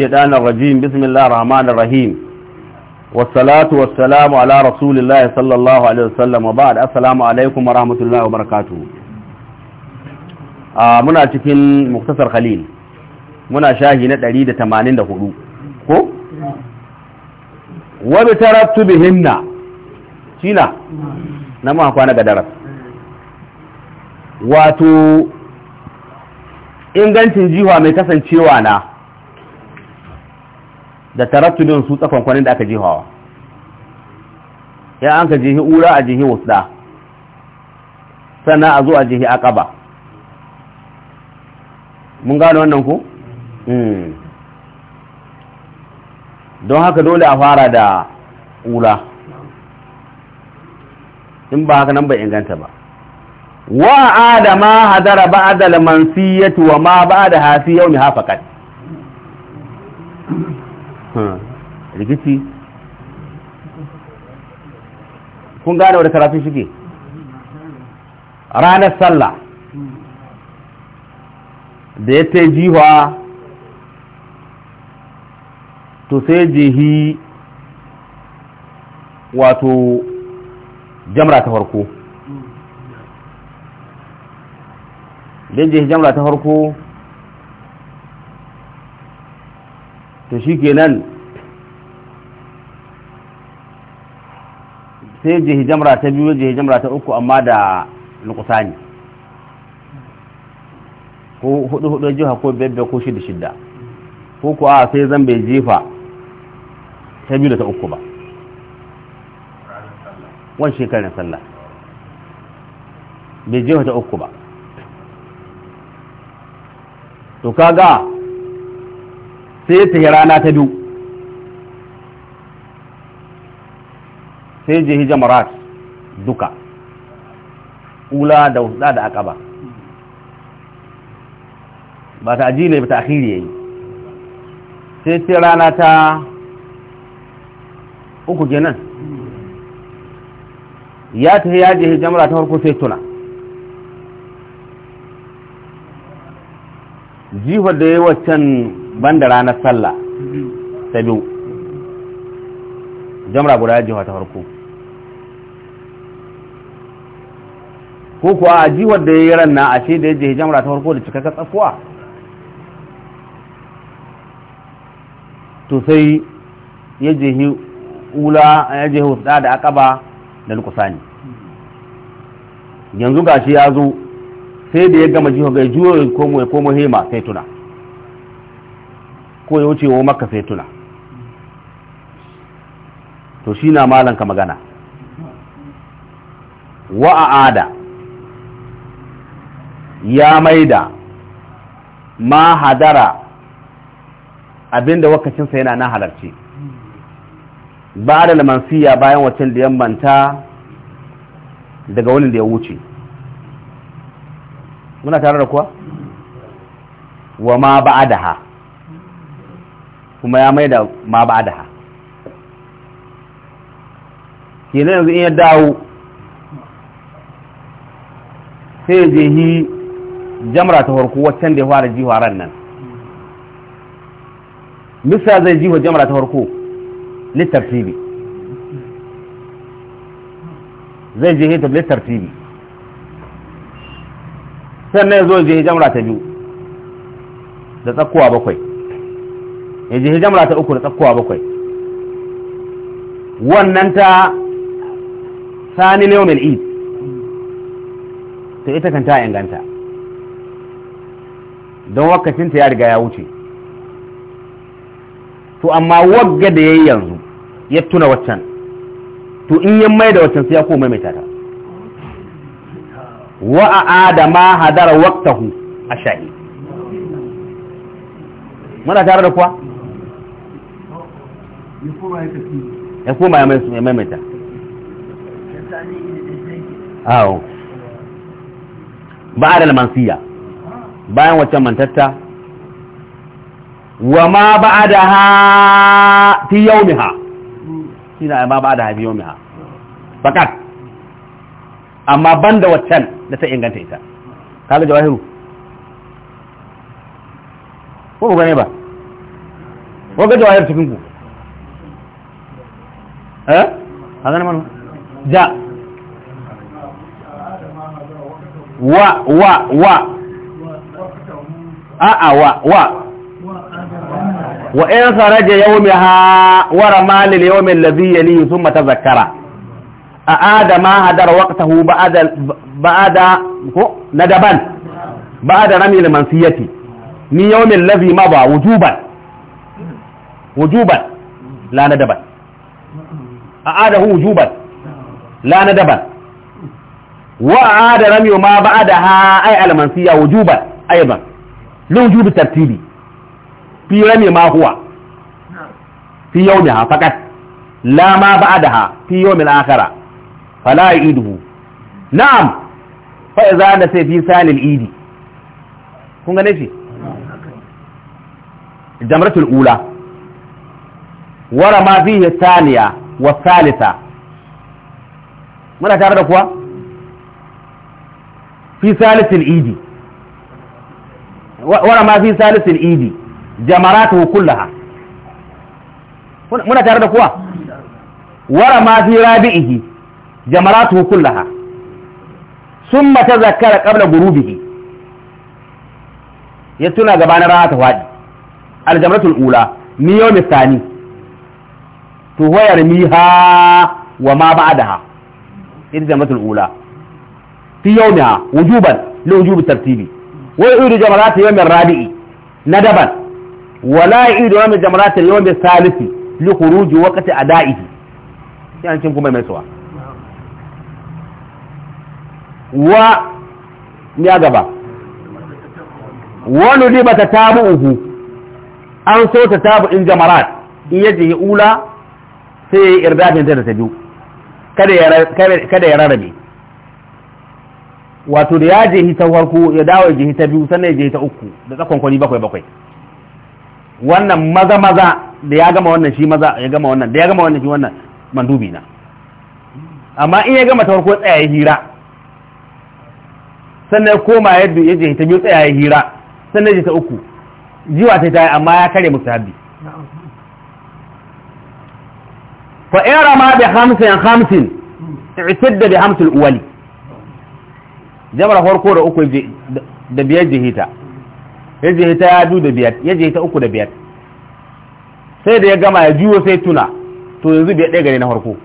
الشيطان الرجيم بسم الله الرحمن الرحيم والصلاة والسلام على رسول الله صلى الله عليه وسلم وبعد السلام عليكم ورحمة الله وبركاته منا cikin مختصر خليل muna shahi na 184 ko wa bi tarattu bihinna shina na mu kwana ga daras wato ingancin jiwa mai kasancewa na da tarattudin su tsakon kwanin da aka jihawa ya an ka jihi ura a jihi wasda sannan a zo a jihi akaba mun gano wannan ku? Hmm. don haka dole a fara da ura in ba haka nan bai inganta ba wa adama hadara ba'da al-mansiyati wa ma ba'da hasi yawmi hafaqat rikici kun gane wadda karatu shige ranar sallah da ya ta wa? to sai jihi wato jamra ta farko don jihi jamra ta farko to shi kenan sai jihi jamra ta biyu jihi jamra ta uku amma da nukusani ko hudu hudu jiha ko bebe ko shida shida ko kuwa sai zan bai jefa ta biyu da ta uku ba wani shekarar sallah bai jefa ta uku ba to kaga sai ta yi rana ta biyu sai je hijamarat duka ula da hudu da akaba ba ta ajiye ne ba ta akhiri yayi sai ta rana ta uku kenan ya ta ya je hijamara ta farko sai tuna jihar da ya waccan banda ranar sallah mhm. ta biyu jamra guda jiwa ta farko ko kuwa a jiwar da ya yi ran na ashe da ya je jamra ta farko da cikakka tsakuwa to sai ya je ula ya je hutsa da akaba da ne yanzu gashi ya zo sai da ya gama jiwa ga komo ya komo hema sai tuna ko ya wuce wa maka sai tuna to shi na malanka magana ada ya maida ma hadara abinda wakacinsa yana na halarci ba da lamansiya bayan wacin da yammanta daga wani da ya wuce muna tare da kuwa wa ma ba'adaha kuma ya mai da ma ba da ha kenan yanzu in ya dawo sai je yi jamra ta farko waccan da ya fara jiwa ran nan misa zai jiwa jamra ta farko tv zai je littar tv sannan ya zo je jamra ta biyu da tsakkuwa bakwai yanzu hijamra ta uku da tsakkowa bakwai wannan ta sani ne yawon id to ita kan ta inganta don ta ya riga ya wuce to amma wagga da ya yi yanzu ya tuna waccan to in yin mai da waccan sai ya koma mai tata wa'a da ma hadara waktahu a sha'i muna tare da kuwa ya koma ya mai ya maimaita awo ba da lamansiya bayan waccan mantatta wa ma ba da ha fi yaumiha shi na ma ba da ha fi yaumiha fakat amma ban da waccan da ta inganta ita kaga jawahiru ko ba ne ba ko ga jawahir cikin ku ها هذا من جاء و و و ا آه، آه، و و وإن خرج يومها ورمى لليوم الذي يليه ثم تذكر أعاد ما هدر وقته بعد بعد ندبا بعد رمي المنسية من يوم الذي مضى وجوبا وجوبا لا ندبا أعاده وجوبا لا ندبا وأعاد رمي ما بعدها أي المنسية وجوبا أيضا لوجوب الترتيب في رمي ما هو في يومها فقط لا ما بعدها في يوم الآخرة فلا يعيده نعم فإذا نسي في ثاني الإيد kun gane shi jamratul ula wara ma والثالثة ماذا تعرف هو في ثالث الإيد ولا ما في ثالث الإيد جمراته كلها منا تعرض قوة ورا ما في رابعه جمراته كلها ثم تذكر قبل غروبه يتنا قبان راعة واحد الجمرة الأولى من يوم الثاني to wayar miha wa ma ba'daha irjamatul ula fi yawmiha wujuban li wujub tartibi wa yu'idu jamarat yawm ar-rabi'i nadaban wa la yu'idu yawm jamarat yawm ath-thalith li khuruji waqti ada'ihi sai an cin kuma mai suwa wa ya gaba wani riba ta tabu'uhu an so ta tabu in jamarat in yaji ula sai ya yi irdafin ta da ta biyu kada ya rarrabe wato da ya je ta farko ya dawo ya je ta biyu sannan ya je ta uku da tsakon kwani bakwai bakwai wannan maza maza da ya gama wannan shi maza ya gama wannan da ya gama wannan shi wannan mandubi na amma in ya gama ta farko tsaya ya hira sannan koma yadda ya je ta biyu tsaya ya hira sannan ya je ta uku jiwa ta yi amma ya kare musu habbi fa in rama bi hamsin hamsin i'tadda bi hamsul uwali jabar farko da uku da biyar jihita ya jihita ya du da biyar ya jihita uku da biyar sai da ya gama ya juyo sai tuna to yanzu biyar ɗaya gare na farko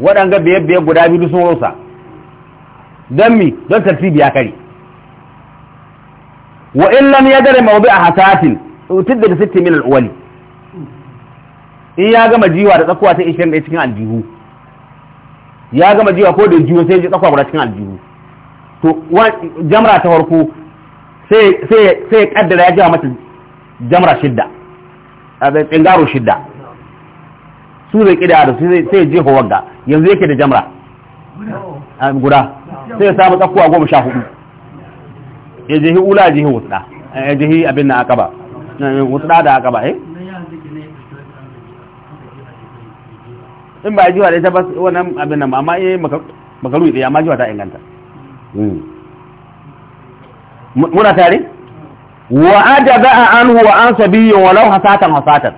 waɗanga biyar biyar guda biyu sun rusa don mi don tartibi ya kare wa in lam yadare mawdi a hasatin utidda da sittin min al-awwali in ya gama jiwa da tsakuwa sai ishirin ɗaya cikin aljihu ya gama jiwa ko da jiwa sai ya tsakuwa guda cikin aljihu to jamra ta farko sai ya kaddara ya jiwa mata jamra shidda a tsingaro shidda su zai kida da su sai ya jefa wagga yanzu yake da jamra guda sai ya samu tsakuwa goma sha hudu ya jihi ula ya jihi wutsa ya jihi abin na akaba wutsa da akaba eh in ba jiwa da ita ba wannan abin nan amma eh makaru da amma jiwa ta inganta hmm. muna tare wa adaba anhu wa an sabiyyin walau hasatan hasatan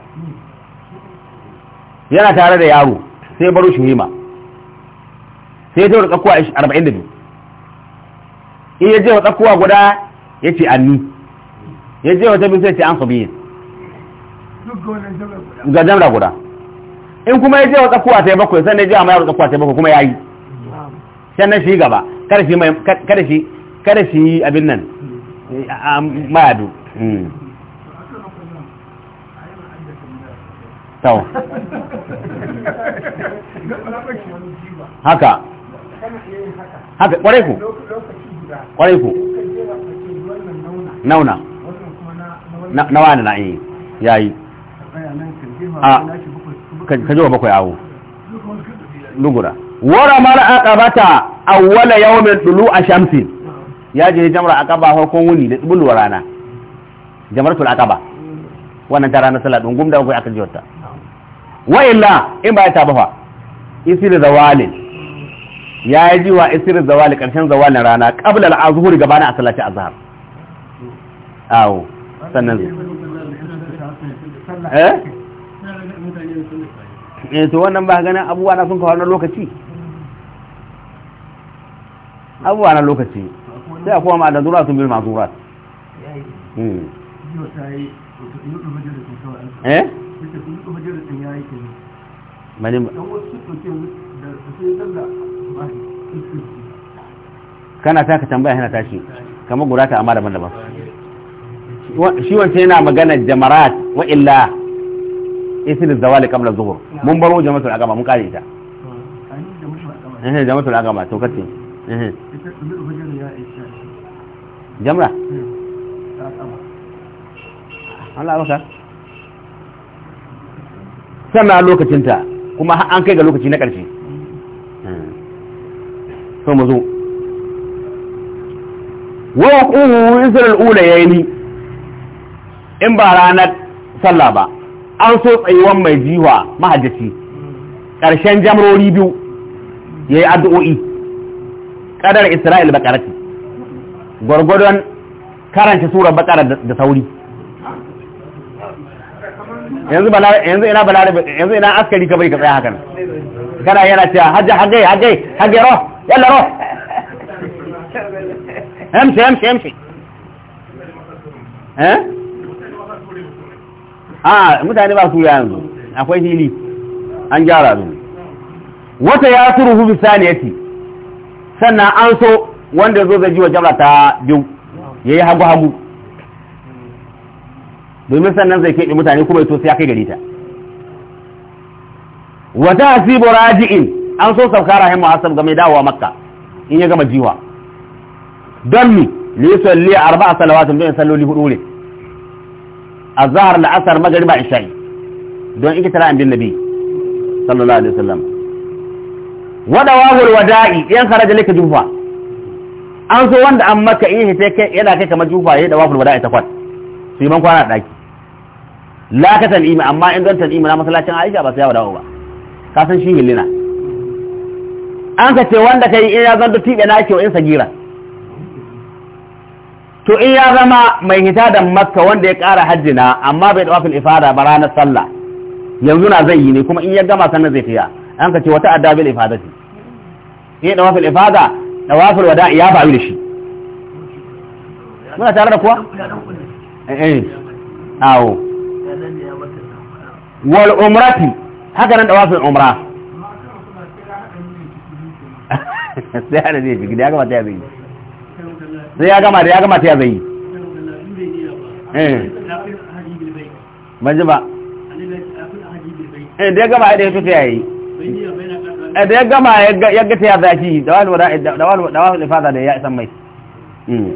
yana tare da yaro sai baro shuhima sai ta rika kuwa 42 in ya je wa tsakuwa guda ya ce anni ya je wa tabin sai ce an sabiyyin ga jamra guda in kuma ya je wa kafuwa ta bakwai sannan ya je amma mayar kafuwa ta bakwai kuma ya yi sannan shi gaba kada shi kada shi kada shi abin nan mayadu hmm. tau haka haka kwarai ku kwarai ku nauna na wani na eh, yi yayi a ka jiwa bakwai awo lugura wara mara aqabata awwala yawmin tulu a Shamsin. ya je jamra aqaba farkon wuni da tsubulwa rana jamratul aqaba wannan ta ranar sallah dungum da bakwai aka jiwarta wa illa in ba ta bafa isir zawalin ya yi jiwa isir zawalin, karshen zawalin rana qabla al-azhur gabanin asalati azhar awo sannan eh Eh, to wannan ba ganin abubuwa na sun kawo na lokaci abubuwa na lokaci sai a kuma ma'adan zura sun bil masu hmm. eh kana ta ka tambaya yana tashi kama guda ta amma daban-daban shi wancan yana magana jamarat wa illa da zawali kamar zuhur mun baro jama'atul agama mun kare ta ah, eh jama'atul agama to kace eh jamra eh, Allah baka sana lokacinta kuma an kai ga lokaci na ƙarshe so eh. mu zo wa ƙuhu isra'ula ya yi ni in ba ranar sallah ba an so tsayuwan mai jiwa mahajjaci ƙarshen jamrori biyu ya yi addu'o'i ƙadar isra'il bakarati gwargwadon karanta surar bakara da sauri yanzu ina balarabe yanzu ina askari ka bai ka tsaya hakan kana yana cewa hajji hagai hagai hagai ro yalla ro hamshi hamshi hamshi eh a mutane ba su yanzu akwai fili an gyara su wata ya turu hu bisaniyati sannan an so wanda zo zai ji wa jaba ta biyu ya yi hagu hagu domin sannan zai keɓe mutane kuma ya to sai ya kai gari ta wata asibu raji'in an so saukara rahim mu'asab game dawowa makka in ya gama jiwa don mi li arba a salawatin don salloli hudu ne azhar la'asar magriba isha'i don ita tara bin nabi sallallahu alaihi wasallam wada wahul wada'i yan kharaja laka jufa an so wanda an maka in hita kai yana kai kamar jufa yayin da wahul wada'i ta kwat su yi man kwana da daki la ka tan'imi amma in don tan'imi na masallacin Aisha ba sai ya wadawo ba ka san shi hillina an ka ce wanda kai in ya zanto tibe na ke in sagira to in ya zama mai hita da makka wanda ya ƙara hajjina amma bai tawafin ifada ba ranar sallah yanzu na zai yi ne kuma in ya gama sannan zai fiya an ka ce wata adda bil ifadati in tawafin ifada tawafin wada ya faru da shi muna tare da kuwa eh, eh. awo wal umrati haka nan tawafin umra sai ana zai fi gida ya gama ta zai yi zai ya gama da ya gama ta ya zai eh. ban ji ba eh, eh, da ya gama ya ga tuta ya yi da ya gama ya gata ya zafi da wani lifada da ya isan mai hmm.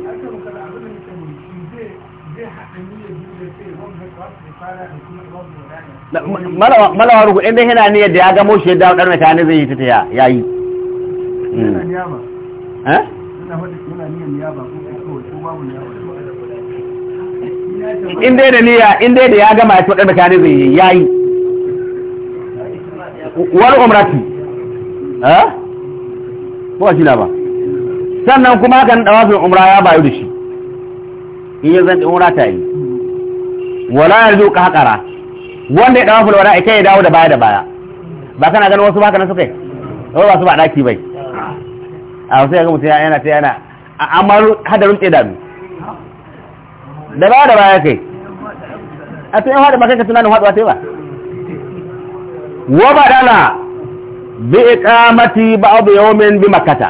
malawar ku inda yana ne yadda ya gamo shi yadda wadar mutane zai yi tuta ya yi hmm. in dai da niyya in dai da ya gama ya tsoɗar da kane yi. yayi wani umarci ha ko shi ba sannan kuma kan dawafin umra ya bayu da shi in yi zan umra ta yi wala zo ka haƙara wanda ya dawafin wala ita ya dawo da baya da baya ba kana ganin wasu ba kana na suka yi ba su ba daki bai a wasu ya ga ta yana ta yana a amar hadarin tsedanu da ba da baya kai a tun yan haɗa ba kai ka tunanin haɗuwa sai ba wa badala bi ba ba'd yawon bi makata.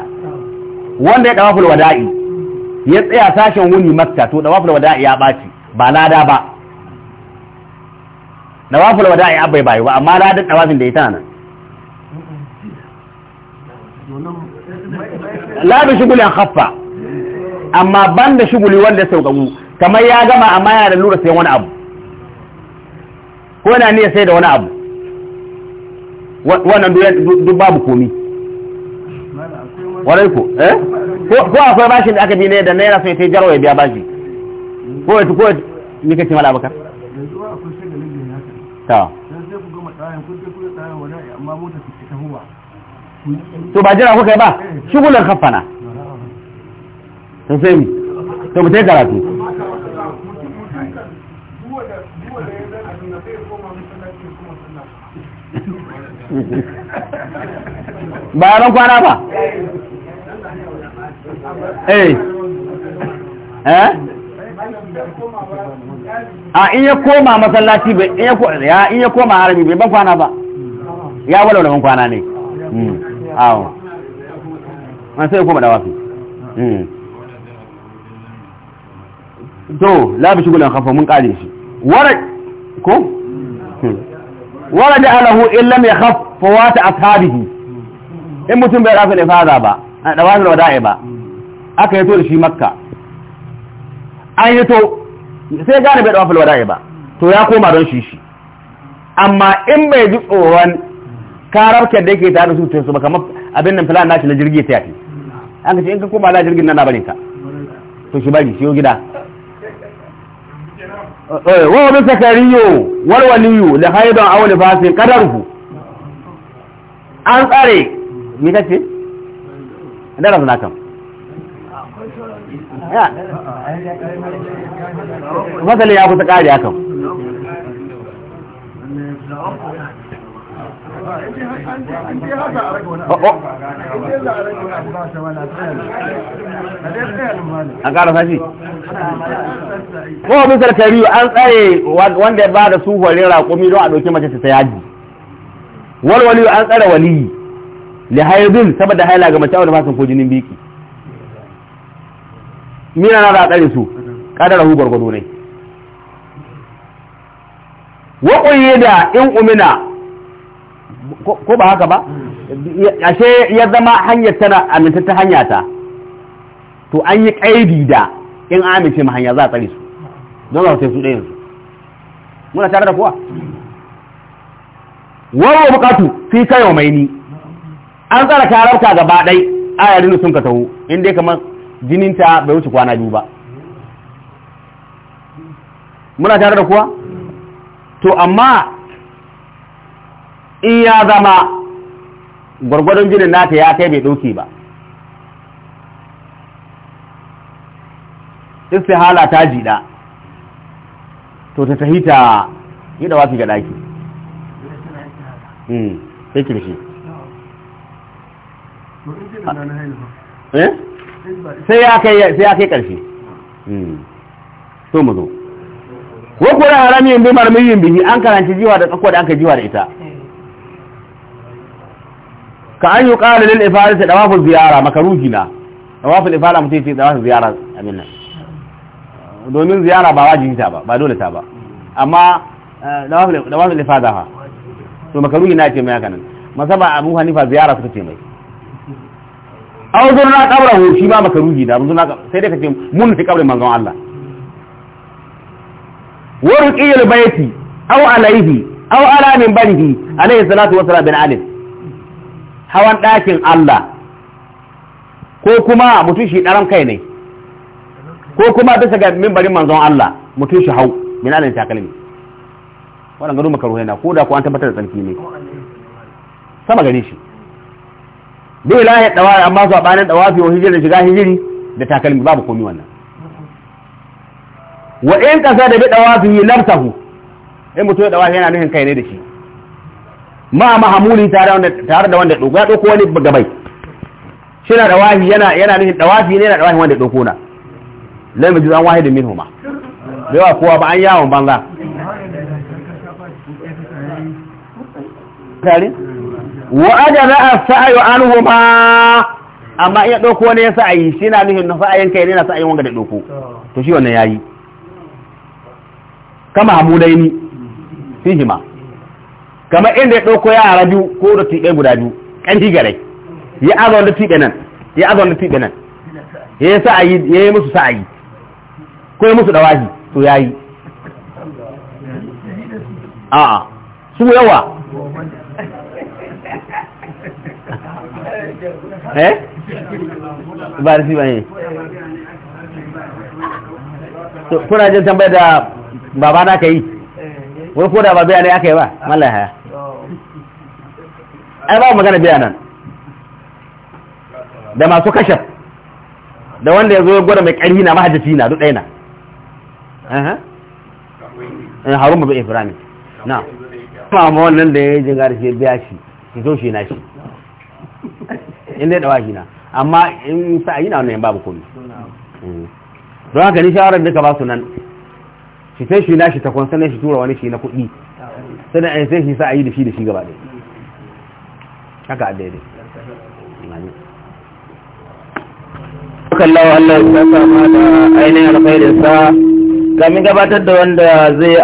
wanda ya ɗawafin wada'i ya tsaya sashen wuni makata to ɗawafin wada'i ya ɓaci ba lada ba dawaful wada'i abai bai ba amma ladin ɗawafin da ita nan ladin shi shughulin haffa. amma ban da shuguli wanda ya sauƙaƙu kamar ya gama amma yana da lura sai wani abu ko yana niyya sai da wani abu wannan duk babu komi warai eh? ko eh ko akwai bashin da aka bi ne da naira sai ta jarwa ya biya bashi ko ya ko ni kace mala abakar ta to ba jira kuka ba shugulan kafana sun sai mi to mutai karatu kwana ba eh eh a in ya koma masallaci in ya koma harami bai ban kwana ba ya wala ban kwana ne hmm. ya koma da to labi shugulan khafa mun kare shi wara ko wara alahu illa mai khaffa wata ashabihi in mutum bai rafa ifada ba a dawatul wada'i ba aka yato da shi makka an yato sai gane bai dawatul wada'i ba to ya koma don shi shi amma in bai ji tsoron kararkar da yake ta da su su ba kamar abin nan filan nashi na jirgi ta yake an ka ce in ka koma la jirgin nan na ka to shi bari shi yau gida Eh, wa bi sakariyo wal waliyu li haidan aw an tsare ni ya masali ya kare akan an ƙara sashi an tsare wanda ya ba da su horin raƙumi don a ɗauki mace ta yaji walwali an tsare waliyi da haibin saboda haila ga mace wadda masu kojinin ko jinin biki mina na a tsare su kadara hu gwargwado ne wa da in umina ko ba haka ba ashe ya zama hanyar tana ta hanya ta to an yi kaidi da in amince ma hanya za a tsare su don za su su ɗayan su muna tare da kowa wawo bukatu fi kayo mai ni an tsara tarauta gaba ɗai ayarin sun ka taho inda ya kamar jininta bai wuce kwana biyu ba muna tare da kuwa to amma in ya zama gwargwadon jinin nata ya kai bai ɗauki ba hala ta jiɗa to ta tahi ta yi da wafi ga ɗaki hmm, sai kirshi eh? sai ya kai ƙarshe so hmm, mu zo wakwai haramiyin bi marmiyin bihi an karanci jiwa da tsakwa da an ka jiwa da ita كأن يقال للإفادة دواف الزيارة مكروجنا دواف الإفادة متيت دواف الزيارة أمينة دومين زيارة بواجه تابا بدولة تابا أما دواف آه، دواف الإفادة ها تو مكروجنا كم يأكلن ما سبب أبوه هني فزيارة كتير ماي أو زرنا قبره شيبا مكروجنا زرنا سيد كتير من في قبر مزعم الله ورقي البيتي أو عليه أو على من بنده عليه الصلاة والسلام بن علي hawan ɗakin Allah ko kuma mutum shi ɗaran kai ne ko kuma bisa ga mimbarin manzon Allah mutum shi hau min alin takalmi wannan gado makaruhai na ko da ko an tabbatar da tsarki ne sama gare shi bai la ya dawa amma su abanin dawa fi hijira shiga hijiri da takalmi babu komi wannan wa in kasa da bi dawa fi lamsahu in mutum ya dawa yana nufin kai ne da shi ma mahamuli tare da wanda ya doko wani gabai shi na dawahi yana yana nufin dawafi ne na dawahi wanda doko na lai mai an wahidin min huma bai wa kowa ba an yawon banza tare wa ajara as an huma amma iya doko wani ya sa'ayi shi na nufin na sa'ayin kai ne na sa'ayin wanga da doko to shi wannan ya yi kama ni fihima kamar inda ya ɗauko yara biyu ko da tiɓe guda biyu ƙarfi gare ya aza wanda tiɓe nan ya aza wanda tiɓe nan ya yi sa'ayi ya yi musu sa'ayi ko ya musu dawahi to ya yi a'a su yawa eh ba da ba ne kuna jin tambayar da babana ka yi wai ko da ba biya ne aka yi ba mallaya ai ba magana biya nan da masu kashaf da wanda ya zo ya gwada mai ƙarfi na mahajjaci na duk ɗaya na eh, harun mazu ibrahim na kuma ma wannan da ya yi jigar shi biya shi shi zo shi na shi inda ya ɗawa shi na amma in sa yi na wannan babu komi mm. don haka ni shawarar duka ba su nan shi sai shi na shi ta kwansanin shi tura wani shi na kuɗi sai da sai shi sa a yi da shi da shi gaba ɗaya haka a daidai kallawa Allah ya ma da ainihin alkhairinsa kamin gabatar da wanda zai